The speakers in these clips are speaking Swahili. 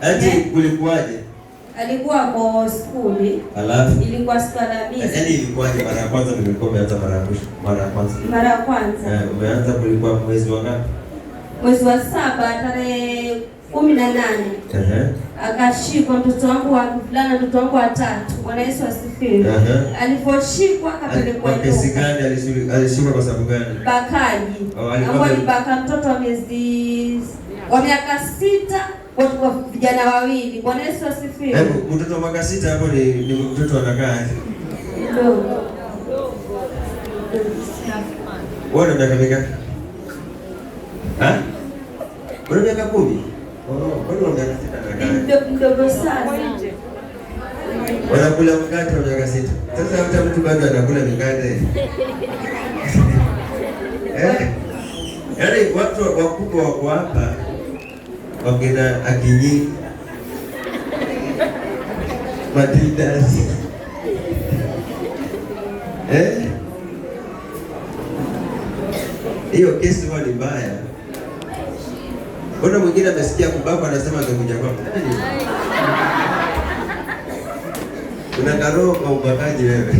Ati eh? kulikuwaje? Alikuwa kwa skuli. Alafu ilikuwa siku Alhamisi. Yaani ilikuwaje mara ya kwanza nilikuwa nimeanza mara ya mwisho, mara ya kwanza. Mara ya kwanza. Eh, umeanza kulikuwa mwezi wa ngapi? Mwezi wa saba tarehe kumi na nane. Uh-huh. Akashikwa mtoto wangu wa mvulana, mtoto wangu wa tatu. Bwana Yesu asifiwe. Uh-huh. Aliposhikwa akapelekwa kwa kesi gani? Alishikwa kwa sababu gani? Bakaji. Oh, alikuwa ni baka mtoto wa miezi wa miaka sita kwa vijana wawili. Bwana Yesu asifiwe. Hebu mtoto wa miaka sita hapo ni ni mtoto anakaa aje? Wewe una miaka mingapi? Ha? Wewe miaka kumi? Oh, wewe una miaka sita anakaa. Mdogo sana. Wanakula mkate wa miaka sita. Sasa hata mtu bado anakula mikate. Eh? Yaani watu wakubwa wako hapa Ogera Akinyi, Matildas eh? Hiyo kesi huwa ni mbaya. Mbona mwingine amesikia kubakwa anasema angekuja kwangu? Una karoho kwa ubakaji wewe.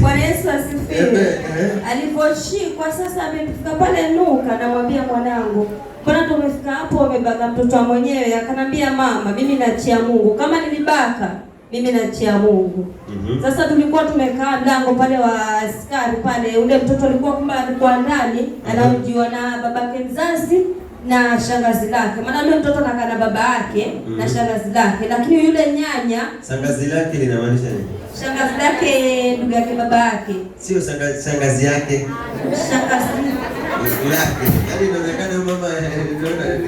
Bwana Yesu asifiwe. Eh? Aliposhikwa sasa amefika pale nuka, namwambia mwanangu Kona tumefika hapo, wamebaka mtoto mwenyewe, akanambia mama, mimi nachia Mungu, kama nilibaka mimi nachia Mungu. mm -hmm. Sasa tulikuwa tumekaa mlango pale wa askari pale, ule mtoto alikuwa kumbe alikuwa ndani mm -hmm. na babake mzazi na shangazi lake, maana yule mtoto anakaa na baba yake mm -hmm. na shangazi lake, lakini yule nyanya, shangazi lake linamaanisha nini? Shangazi lake ndugu yake baba yake, sio shangazi yake, shangazi lake, yaani inaonekana mama eh,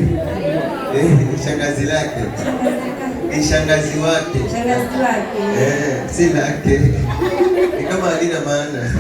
eh, shangazi lake ni shangazi wake, eh, si lake, ni kama alina maana.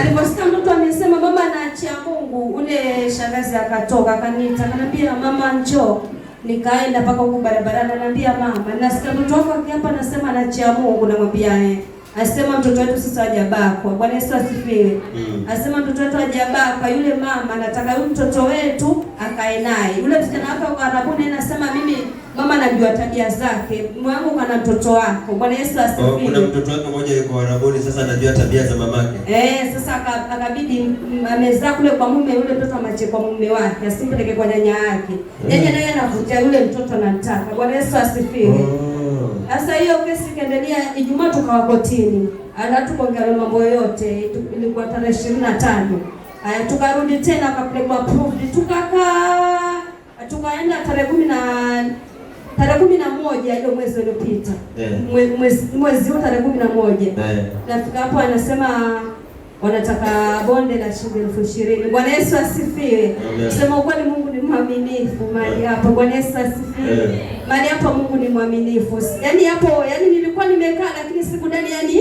Aliposikia mtoto amesema mama anaachia Mungu, ule shangazi akatoka akaniita, akaniambia mama njoo nikaenda mpaka huku barabarani, ananiambia mama, nasikia mtoto wako akiapa anasema anaachia Mungu, namwambia eh Asema mtoto wetu sasa hajabakwa. Bwana Yesu asifiwe. Mm. Asema mtoto wetu hajabakwa, yule mama anataka yule mtoto wetu akae naye. Yule msichana Arabu karabuni anasema mimi mama najua tabia zake. Mwangu kana mtoto wako. Bwana Yesu oh, asifiwe. Oh, kuna mtoto wake mmoja yuko Arabu sasa anajua tabia za mamake. Eh, sasa akabidi ameza kule kwa mume yule mtoto amache kwa mume wake, asimpeleke kwa nyanya yake. Mm. Nyanya naye anavutia yule mtoto anataka. Bwana Yesu asifiwe. Oh. Sasa hiyo kesi ikaendelea, Ijumaa tukawa kotini, hatukuongea mambo yoyote, ilikuwa tarehe ishirini na tano. Haya, tukarudi tena akapelekwa proof, tukakaa, tukaenda tarehe kumi na tarehe kumi na moja ile mwezi uliopita, yeah. Mwezi huu tarehe kumi na moja yeah. Nafika hapo anasema wanataka bonde la shilingi elfu ishirini. Bwana Yesu asifiwe. Sema ukweli, Mungu ni mwaminifu mali eh. hapo. Bwana Yesu asifiwe. Eh. Bali yaani hapo Mungu ni mwaminifu. Yaani hapo yaani nilikuwa nimekaa lakini sikudani yaani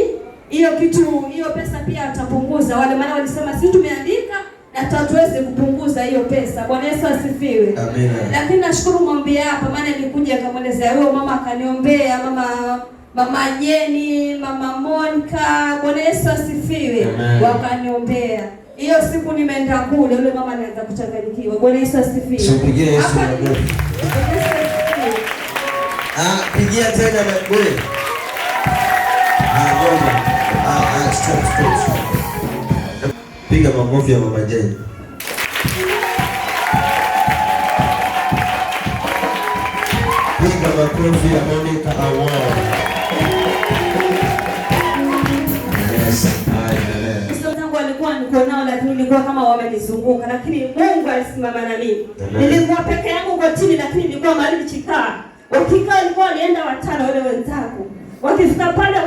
hiyo kitu hiyo pesa pia atapunguza. Wale maana walisema sisi tumeandika na tatuweze kupunguza hiyo pesa. Bwana Yesu asifiwe. Amina. Lakini nashukuru mwambie hapa maana nilikuja nikamwelezea huyo mama akaniombea mama Mama Jeni, Mama Monica, Bwana Yesu asifiwe. Wakaniombea. Hiyo siku nimeenda kule, yule mama anaanza kuchanganyikiwa. Bwana Yesu asifiwe. Ah, pigia tena ah, ah, ah, Piga makofi ya Mama Jane. Piga makofi ya Monica Award. nilikuwa kama wamenizunguka, lakini Mungu alisimama na mimi. Nilikuwa peke yangu kwa chini, lakini nilikuwa mahali nikikaa wakika walikuwa walienda watano wale wenzangu, wakifika pale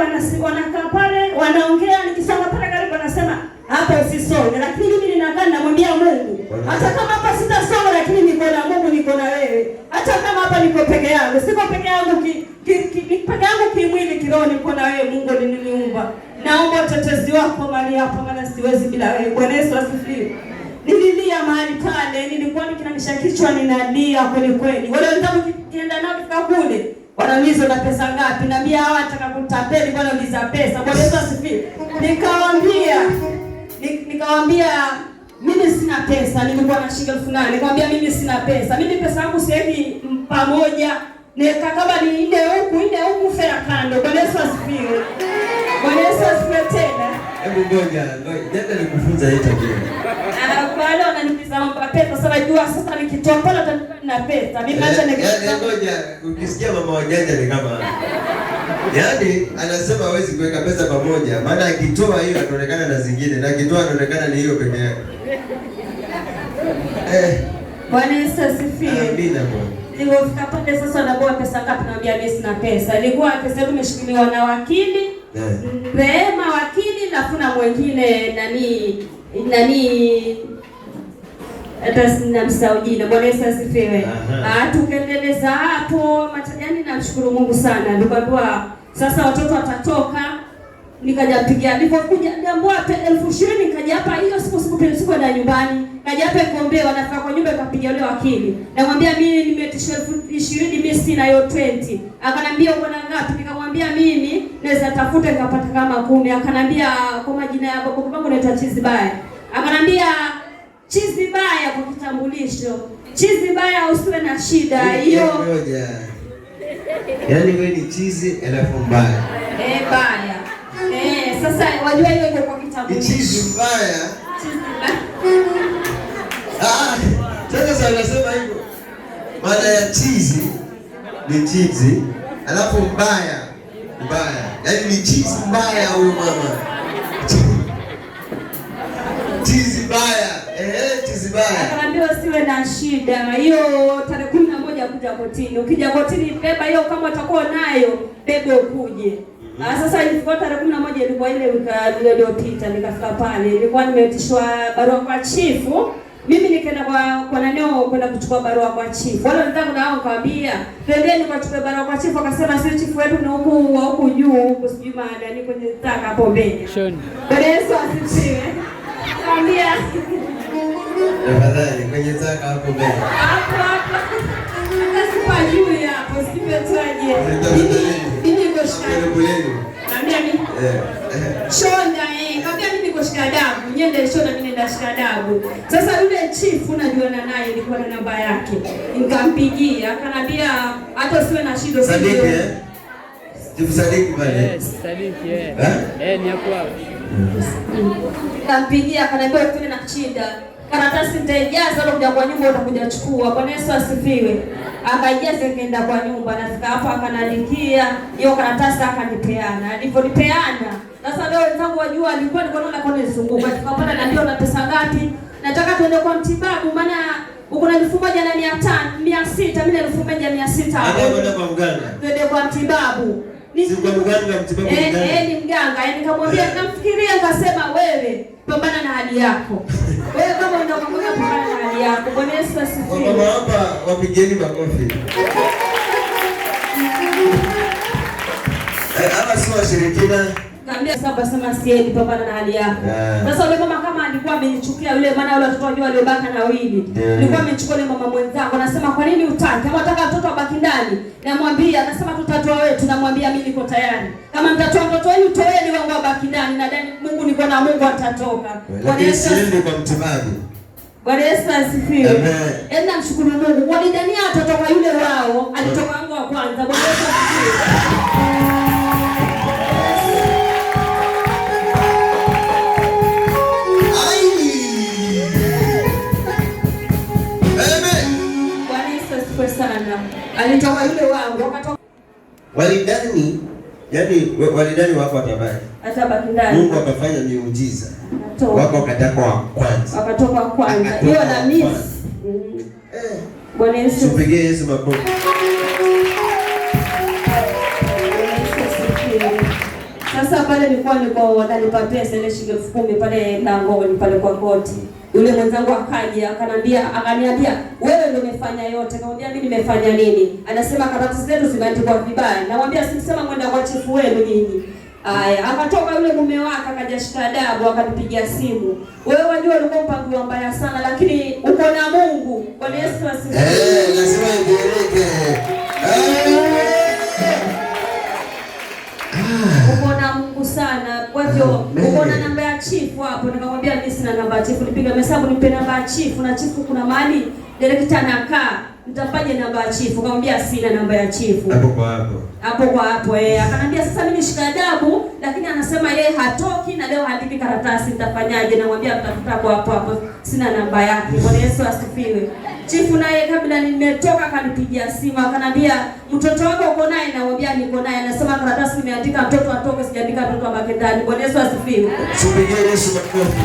wanakaa pale wanaongea, nikisonga pale karibu wanasema hapa usisonge, lakini mimi ninakaa namwambia Mungu, hata kama hapa sitasonga, lakini niko na Mungu, niko na wewe. Hata kama hapa niko peke yangu, siko peke yangu ki, ki, ki, peke yangu kimwili, kiroho niko na wewe. Mungu niliniumba, naomba utetezi wako mali hapa, maana siwezi bila wewe. Bwana Yesu asifiwe nililia mahali pale, nilikuwa nikinamisha kichwa ninalia kweli kweli. Wale wenzangu kienda nao kifika kule wanauliza na pesa ngapi, naambia hawa nataka kutapeli, bwana uliza pesa. Bwana Yesu asifiwe. Nikawaambia nikawaambia mimi sina pesa, nilikuwa na shilingi elfu nane. Nikamwambia mimi sina pesa, mimi pesa yangu sasa hivi pamoja nika kama ni inde huku inde huku fera kando. Bwana Yesu asifiwe. Bwana Yesu asifiwe tena Hebu ngoja, ngoja nikufunza hii tabia. Kwa leo ananiuliza mambo ya pesa, sasa najua sasa nikitoa pale atanipa na pesa. Mimi acha eh, nikisema. Ngoja, ukisikia mama wajanja ni kama Yaani anasema hawezi kuweka pesa pamoja, maana akitoa hiyo anaonekana na zingine na akitoa anaonekana ni hiyo peke yake. Eh. Bwana Yesu asifiwe. Amina ah, Bwana. Nilipofika pale sasa anaboa pesa ngapi, naambia mimi sina pesa. Nilikuwa pesa yangu imeshikiliwa na wakili. Eh. Rehema wakili na mwengine nani nani namsahau jina. Bwana Yesu asifiwe. Ah, Tukaendeleza hapo, yaani namshukuru Mungu sana, nikaambiwa sasa watoto watatoka nikajapigia nilipokuja niambua elfu ishirini nikajapa hiyo siku siku pili siku na nyumbani kajapa kuombea wanafika kwa nyumba ikapiga yule wakili namwambia mimi nimetishwa elfu ishirini mimi sina hiyo 20 akanambia uko na ngapi nikamwambia mimi naweza tafuta nikapata kama kumi akanambia kwa majina yako kwa sababu naita chizi baya akanambia chizi baya kwa kitambulisho chizi baya usiwe na shida hiyo yaani wewe ni chizi alafu mbaya eh baya sasa wajua hiyo kwa kitabu. It is mbaya. Ah, tena sasa unasema hivyo. Maana ya chizi ni chizi, alafu mbaya mbaya. Yaani ni chizi mbaya huyo mama. Chizi mbaya. Eh, chizi mbaya. Akaambiwa usiwe na shida. Hiyo tarehe 11 kuja kotini. Ukija kotini beba hiyo kama utakuwa nayo, bebe ukuje. Ah, sasa ilikuwa tarehe kumi na moja ilikuwa ile wiki iliyopita, nikafika pale, nilikuwa nimeitishwa barua kwa chifu. Mimi nikaenda kwa kwa naneo kwenda kuchukua barua kwa chifu. Wala nitaka na wao nikamwambia, "Twendeni tukachukue barua kwa chifu." Akasema, "Sio chifu wetu ni huku wa huku juu, huku sijui maana ni kwenye taka hapo mbele." Shoni. Bwana Yesu asifiwe. Nikamwambia, "Tafadhali kwenye taka hapo mbele." Hapo hapo. Akasipa juu hapo, sipe sipetaje. Eh, eh. Shonda eh, kaambia mimi dabu, niende Shonda, dabu. Sasa yule chifu najuana naye, nilikuwa na namba yake, nikampigia akanambia hata usiwe na shida nikampigia akanambia usiwe na shida karatasi nitaijaza, kuja kwa nyumba utakuja chukua. Bwana Yesu asifiwe. Akaijaza nikaenda kwa nyumba, nafika hapa akanaandikia hiyo karatasi, akanipeana. Alivyonipeana sasa, leo wenzangu wajua, alikuwa niko na kwa nizunguka, tukapata na ndio na pesa ngapi, nataka tuende kwa mtibabu, maana uko na elfu moja na mia tano mia sita mimi na elfu moja mia sita twende kwa mtibabu Eh, eh, ni mganga, yaani nikamwambia eh. namfikiria, nikasema wewe pambana na hali yako wewe, kama unakwambia pambana na hali yako. Bwana Yesu asifiwe. Mama hapa wapigeni makofi. Hawa si washirikina Kaambia sasa sema si yeye kupambana na hali yako. Eh. Sasa yule mama kama alikuwa amenichukia yule maana yule watoto wajua baka na wili. Nilikuwa eh. nimechukua yule mama mwenzangu anasema kwa nini utaki? Kama unataka mtoto abaki ndani, namwambia anasema tutatoa wewe, tunamwambia mimi niko tayari. Kama mtatoa mtoto wenu toeni wangu abaki ndani na ndani Mungu niko na Mungu atatoka. Eh, kwa Yesu ndiye kwa mtimaji. Bwana Yesu asifiwe. Amen. Yaani namshukuru Mungu. Walidania atatoka yule wao, alitoka wangu wa kwanza. Bwana Yesu asifiwe. alitoka yule wangu wakatoka, walidhani yani walidani wako watabaki, atabaki ndani. Mungu akafanya miujiza, wako wakatoka wa kwanza, wakatoka kwanza, hiyo na miss. Bwana Yesu, tupigie Yesu makofi. masaa pale nilikuwa nilikuwa wananipatia ile shilingi elfu kumi pale langoni pale kwa koti. Yule mwenzangu akaja akanambia, akaniambia wewe ndio umefanya yote. Nikamwambia mimi nimefanya nini? Anasema karatasi zetu zimeandikwa vibaya. Namwambia simsema mwenda kwa chifu wenu nyinyi. Aya, akatoka yule mume wake akaja shika adabu akanipigia simu. Wewe wajua ulikuwa mpango mbaya sana lakini uko na Mungu. Kwa Yesu asifiwe. Eh, lazima ieleweke. Eh. Ah. Uko na sana. Kwa hivyo ukona namba ya chifu hapo, nikamwambia mimi sina namba ya chifu, nipiga mesabu nipe namba ya chifu, na chifu kuna mali direkta anakaa nitapaje namba ya chifu? Akamwambia sina namba ya chifu. Hapo kwa hapo, hapo kwa hapo eh, akanambia sasa mimi shika adabu, lakini anasema yeye hatoki na leo haandiki karatasi, nitafanyaje? Namwambia mtafuta kwa hapo hapo, sina namba yake. Bwana Yesu asifiwe. Chifu naye kabla nimetoka akanipigia simu akanambia, mtoto wako uko naye? Namwambia niko naye. Anasema karatasi nimeandika mtoto atoke, sijaandika mtoto abaki ndani. Bwana Yesu asifiwe. Subiri Yesu makofi.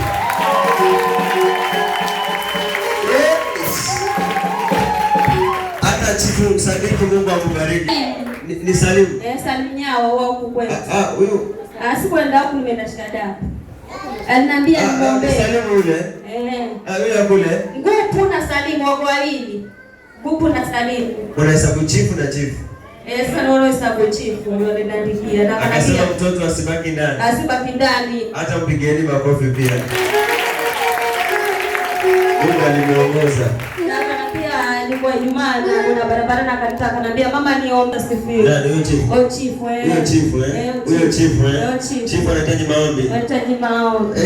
Mungu salimu, Mungu akubariki. Eh. Ni salimu. Eh, salimia wao wao kukwenda. Ah, ah, huyu. Ah, sikwenda huko nimeenda shikada. Aliniambia ah, niombe. Salimu yule. Eh. Ah, yule kule. Ngupu na salimu wako wawili. Ngupu na salimu. Unahesabu chifu na chifu. Eh, sana unahesabu chifu ndio ananiandikia. Na kanambia mtoto asibaki ndani. Asibaki ndani. Hata mpigieni makofi pia. Yule alimeongoza alikuwa Ijumaa na kuna barabara na akataka kaniambia, mama niombe sifiri. Na ni chifu. Oh chifu eh. Ni chifu eh. Hiyo chifu eh. Chifu anahitaji maombi. Anahitaji maombi.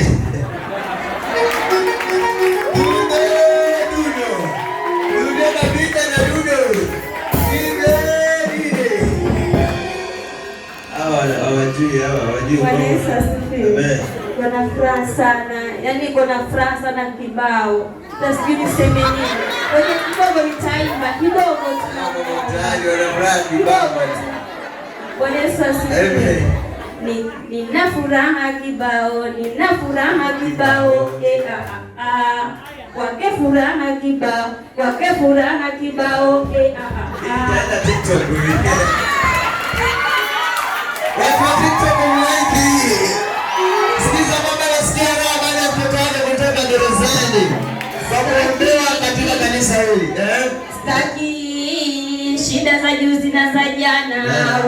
Kona eh. furaha sana, yaani kona furaha sana kibao, sijui niseme nini. Wenye kidogo nitaimba kidogo Bwana Yesu asifiwe. Nina furaha kibao, nina furaha kibao, kwake e, furaha kibao, kwake furaha kibao. E, Sikiza mama, nasikia raha baada ya kutoka gerezani katika kanisa hili eh? Sitaki shida za juzi na za jana yeah.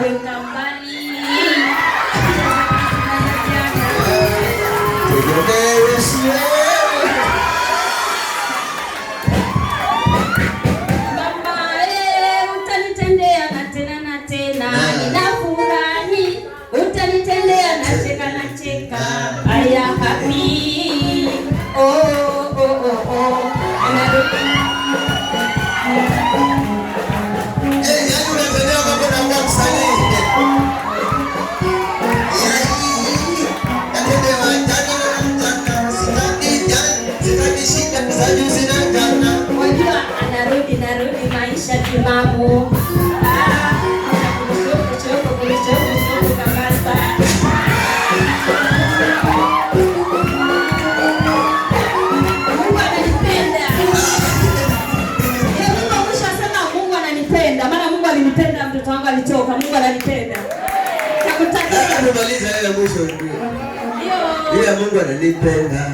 ya mwisho ndio Mungu ananipenda.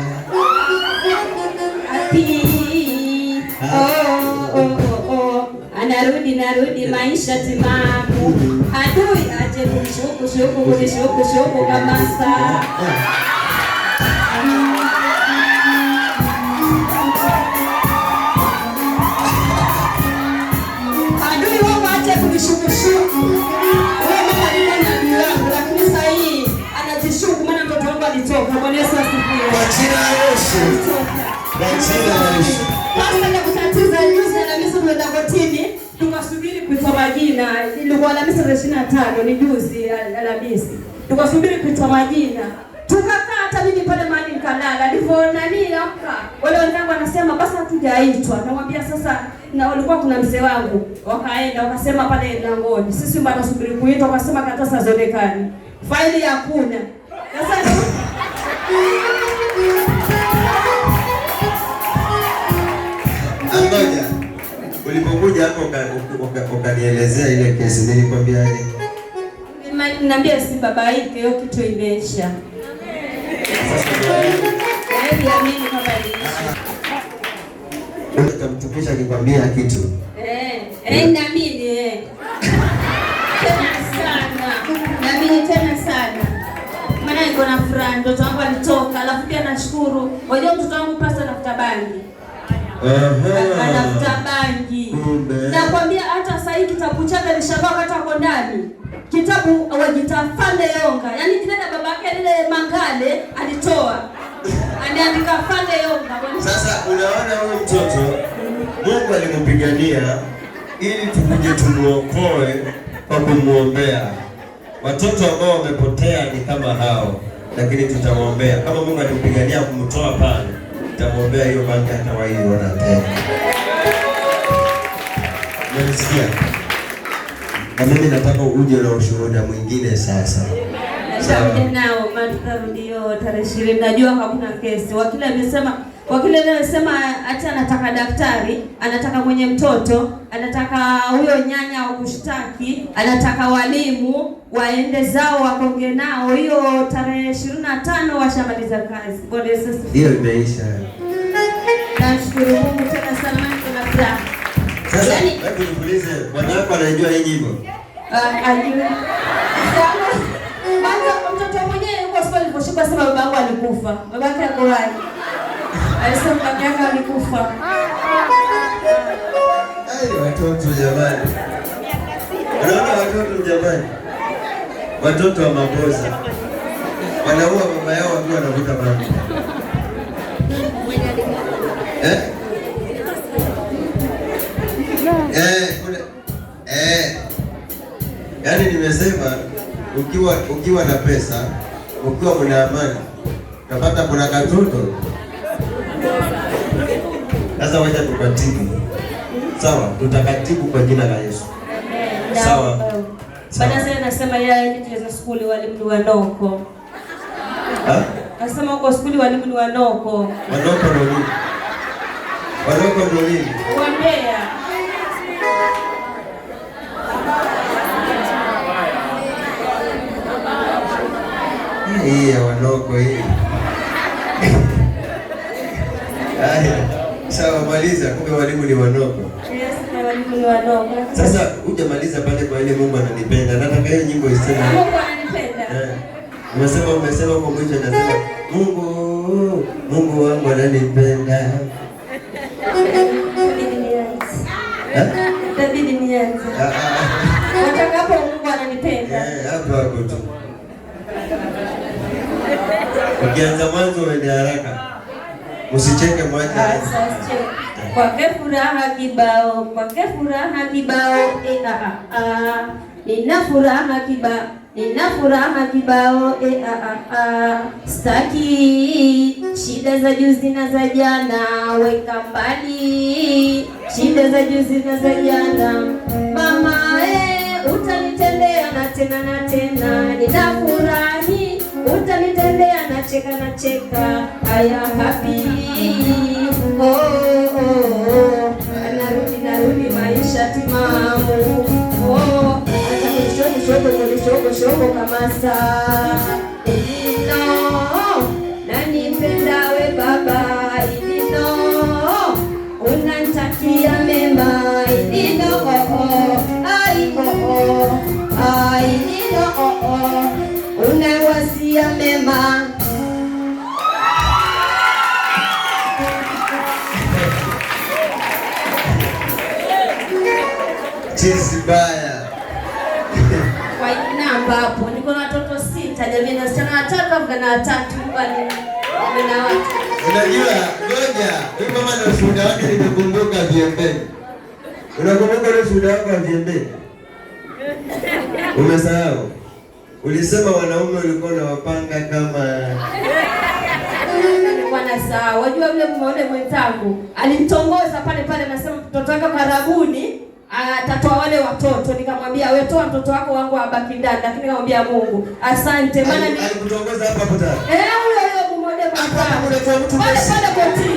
Oh, oh, oh, narudi, narudi, maisha timamu. Adui aje kushuku, shuku, kunishuku, shuku kama saa naomba nitoka. Bwana Yesu asifiwe. Kwa jina la Yesu. Kwa jina la Yesu. Basi na kutatiza juzi na misa kwa Dagotini tukasubiri kuitwa majina. Ilikuwa na misa tarehe 25 ni juzi Alhamisi. Tukasubiri kuitwa majina. Tukakaa hata mimi pale mahali nikalala. Nilipoona nani amka. Wale wenzangu wanasema basi hatujaitwa. Namwambia sasa na walikuwa kuna mzee wangu wakaenda wakasema pale langoni. Sisi mbona tunasubiri kuitwa wakasema kataa zionekane. Faili hakuna. Ngoja, ulipokuja hapo ukanielezea ile kesi, nilikwambiaje? Niambia si baba hivi hiyo kitu imeisha. Yaani, Utamtupisha akikwambia kitu. Eh, eh, naamini. niko na furaha, mtoto wangu alitoka. Alafu pia nashukuru, wajua mtoto wangu pasta anafuta bangi, anafuta bangi. Nakwambia hata saa hii kitabu chake lishakata katako ndani kitabu wajitafande yonga, yaani baba yake lile mangale alitoa aliandika fande yonga. Sasa unaona huyu mtoto Mungu alimpigania ili tukuje tumuokoe kwa kumwombea Watoto ambao wamepotea ni kama hao, lakini tutamwombea. Kama Mungu atupigania kumtoa pale, tutamwombea hiyo bangi hata waili wanateka. Mnasikia? Na mimi nataka uje na ushuhuda mwingine sasa. Sawa. Nao matarudio tarehe 20 najua hakuna kesi. Wakili amesema Wakili anasema hata anataka daktari, anataka mwenye mtoto, anataka huyo nyanya wa kushtaki, anataka walimu waende zao wakonge nao. Hiyo tarehe ishirini na tano washamaliza kazi. Bwana Yesu asifiwe. Hiyo imeisha. Nashukuru Mungu tena sana, kwa furaha sasa. Yaani- hebu niulize, bwana wako anajua hii nyimbo? Ah, Ajua mtoto mwenyewe yuko hospitali, kwa sema baba yangu alikufa, Babake yake ako Alisema baba alikufa. watoto jamani. Unaona watoto jamani. Watoto wa maboza. Wanaua mama yao wakiwa wanavuta bangi. Eh? Eh, eh. Yaani nimesema ukiwa ukiwa na pesa, ukiwa una amani, unapata kuna katoto sasa wacha tukatibu. Sawa, tutakatibu kwa jina la Yesu. Sawa. Uh, Bana sasa anasema yeye ni cheza skuli walimu ni wanoko. Ah? Anasema huko skuli walimu ni wanoko. Wanoko ndio nini? Wanoko ndio nini? Wambea. Hii wanoko hii. Haya maliza kumbe walimu ni wanoko. Sasa hujamaliza pale kwa ile Mungu ananipenda. Nataka hiyo nyimbo isema. Mungu ananipenda. Eh, umesema umesema kwa mwisho nasema Mungu, Mungu wangu ananipenda. nianze. Eh? Ah, ah, ah. Mungu ananipenda. Eh, hapo hapo tu. Ukianza mwanzo uende haraka. Usicheke ah, Kwa ke furaha kibao, ke furaha kibao, eh, ah, ah, Nina furaha kibao, nina furaha kibao, e eh, a a a. Staki shida za juzi na za jana, weka mbali shida za juzi na za jana. Mama e, utanitendea na tena na tena, nina Cheka na cheka, I am happy. Oh, oh, oh. Narudi narudi maisha timamu. Oh, acha kushogo shogo shogo shogo kama saa cha jamii na wasichana watatu, wavulana watatu, wanaume na Unajua, ngoja na ushuhuda wake nitakumbuka Unakumbuka ushuhuda wako wa Umesahau? Ulisema wanaume ulikuwa unawapanga kama Wajua, yule mume mwenzangu alimtongoza pale pale, anasema mtoto wake karabuni atatoa wale watoto. Nikamwambia wewe, toa mtoto wako wangu abaki ndani, lakini nikamwambia Mungu asante, maana ni alikutongoza hapa hapo tayari. Eh, huyo huyo mmoja kwa mtu pale pale koti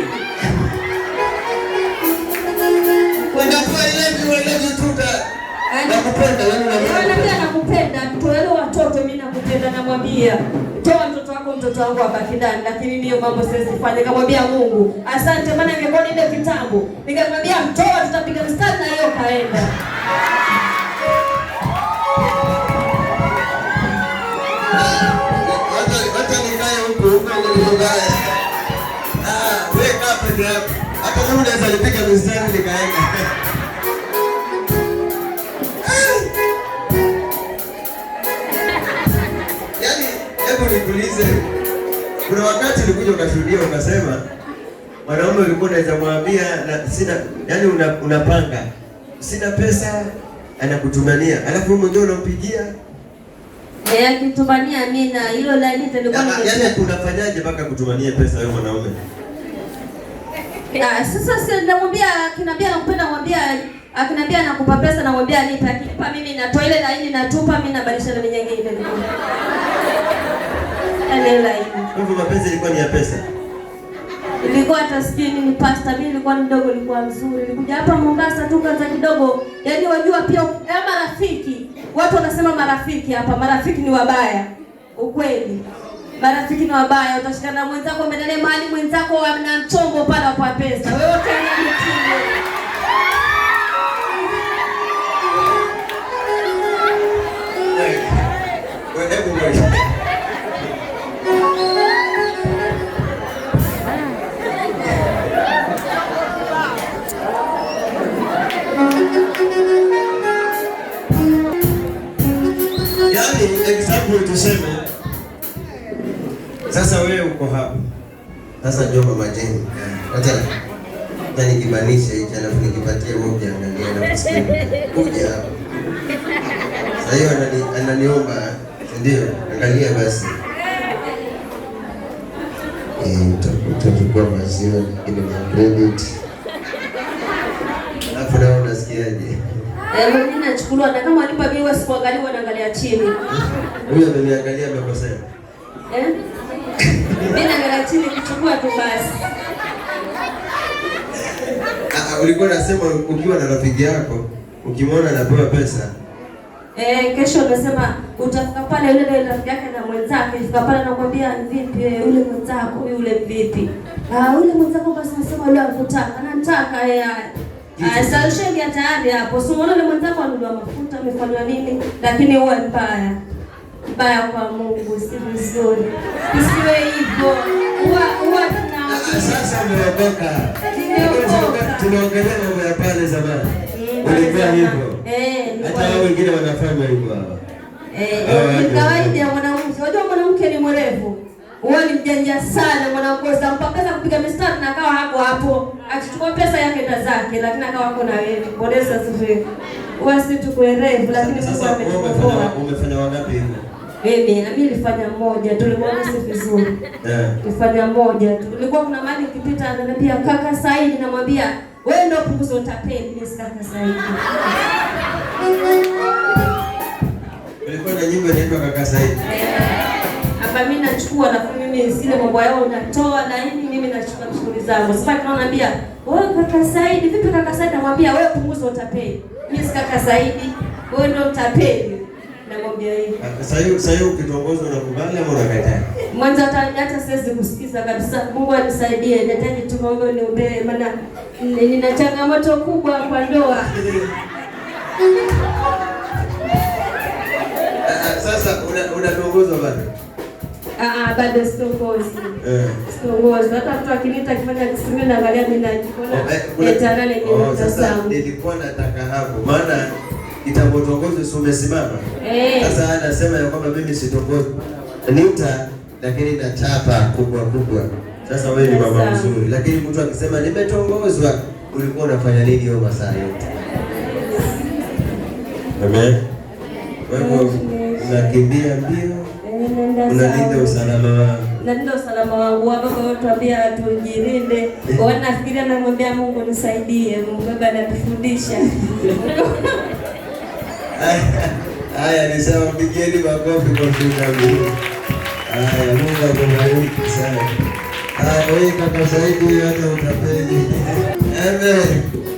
kwenda kwa ile ile ile tuta nakupenda yaani anakupenda nakupenda mtoele watoto, mimi nakupenda, namwambia toa mtoto wako, mtoto wangu abaki ndani, lakini niyo mambo siwezi kufanya. Nikamwambia Mungu asante, maana ningekuwa ile kitabu nikamwambia mtoa, tutapiga mstari na hiyo kaenda ah, hata kama unaweza lipiga mstari nikaenda nikuulize, kuna wakati ulikuja ukashuhudia ukasema mwanaume ulikuwa unaweza mwambia na sina, yani una, unapanga sina pesa, anakutumania alafu wewe mwenyewe unampigia eh, akitumania mimi na hilo la nita ndio kwanza. Yani unafanyaje mpaka kutumania pesa wewe mwanaume? Ah, sasa si namwambia, akinambia nakupenda, namwambia akinambia nakupa pesa, namwambia nipa, akinipa mimi natoa ile laini natupa, mimi nabadilisha na nyingine eneo la Kwa hivyo mapenzi ilikuwa ni ya pesa. Ilikuwa hata sijui nini pasta, mimi nilikuwa mdogo, nilikuwa mzuri. Nilikuja hapa Mombasa tu kaza kidogo. Yaani wajua pia ya marafiki. Watu wanasema marafiki hapa, marafiki ni wabaya. Ukweli. Marafiki ni wabaya, utashikana mwenzako umeendele mahali mwenzako ana mchongo pala kwa pesa. Wewe utaenda mchini. Hebu hiyo tuseme sasa, wewe uko hapa sasa, njoo Mama Jane, acha nikibanishe hicho, alafu nikipatie wewe, ukiangalia na kusikia kuja hapa. Sasa hiyo anani, ananiomba ndio, angalia basi eh, tutakuwa maziwa ile ya credit, alafu na unasikiaje? Eh, mimi nachukuliwa na kama alipa bill, wasipoangalia wanaangalia chini Huyu ameniangalia amekosea. Eh? Mimi naangalia chini kuchukua tu basi. Ah, ah, ulikuwa unasema ukiwa na rafiki yako, ukimwona anapewa pesa. Eh, kesho unasema utafika pale yule ndio rafiki yake na mwenzake, fika pale anakuambia vipi eh, yule mwenzako, yule vipi? Ah, yule mwenzako basi anasema yule anataka, anataka yeye. Eh, ah, ah Sasa ushaingia tayari hapo. Sio unaona yule mwenzako anunua mafuta, amefanywa nini, lakini huwa mbaya mbaya kwa Mungu si mzuri, Usiwe hivyo. Huwa huwa Sasa umeokoka, tunaongelea mambo ya pale zamani, eh, ulikuwa hivyo. Eh, Hata wao wengine wanafanya hivyo, hapa. Eh, ah, ni kawaida ya mwanamke. Unajua mwanamke ni mrefu. huwa ni mjanja sana mwanakosa, mpaka za kupiga mistari na akawa hapo hapo, akichukua pesa yake na zake, lakini akawa hapo na wewe bodesa sivyo, huwa si tukuerevu, lakini sasa Umefanya wangapi hivyo? Mimi na mimi nilifanya moja, tulikuwa sisi vizuri. Eh. Nilifanya moja. Tulikuwa kuna mahali kipita ananiambia kaka Said, namwambia wewe ndio punguzo utapeli, mimi kaka Said. Nilikuwa na nyimbo inaitwa kaka Said. Eh. Hapa mimi nachukua na mimi zile mambo yao natoa na nini, mimi nachukua shughuli zangu. Sasa kama ananiambia wewe kaka Said, vipi kaka Said, namwambia wewe punguzo utapeli. Mimi si kaka Said. Wewe ndio utapeli hujaiva. Ah, sasa hiyo sasa hiyo ukiongozwa ama unakataa? Mwanzo hata siwezi kusikiza kabisa. Mungu anisaidie, nahitaji tu Mungu niombee, maana nina changamoto kubwa kwa ndoa. Ah, ah, sasa unaongozwa bado? Ah, bado sitongozi. Eh. Sitongozi. Hata mtu akiniita akifanya kisimio naangalia mimi najiona. Oh, eh, oh, sasa nilikuwa nataka hapo maana itapotongoza si umesimama eh. sasa. Hey, anasema ya kwamba mimi sitongozi nita, lakini nachapa kubwa kubwa. Sasa wewe ni baba mzuri, lakini mtu akisema nimetongozwa, ulikuwa unafanya nini hiyo masaa yote? Amen. Kwa Wewe unakimbia mbio, eh, unalinda usalama wako nalinda usalama wangu hapa. Kwa hiyo tuambia tujirinde, eh. nafikiria namwambia Mungu nisaidie, Mungu Baba anatufundisha Haya, nisema mpigieni makofi kwa mchunga mbili. Haya, Mungu akubariki sana. Haya, kaka Saidi, hata utapeli. Amen.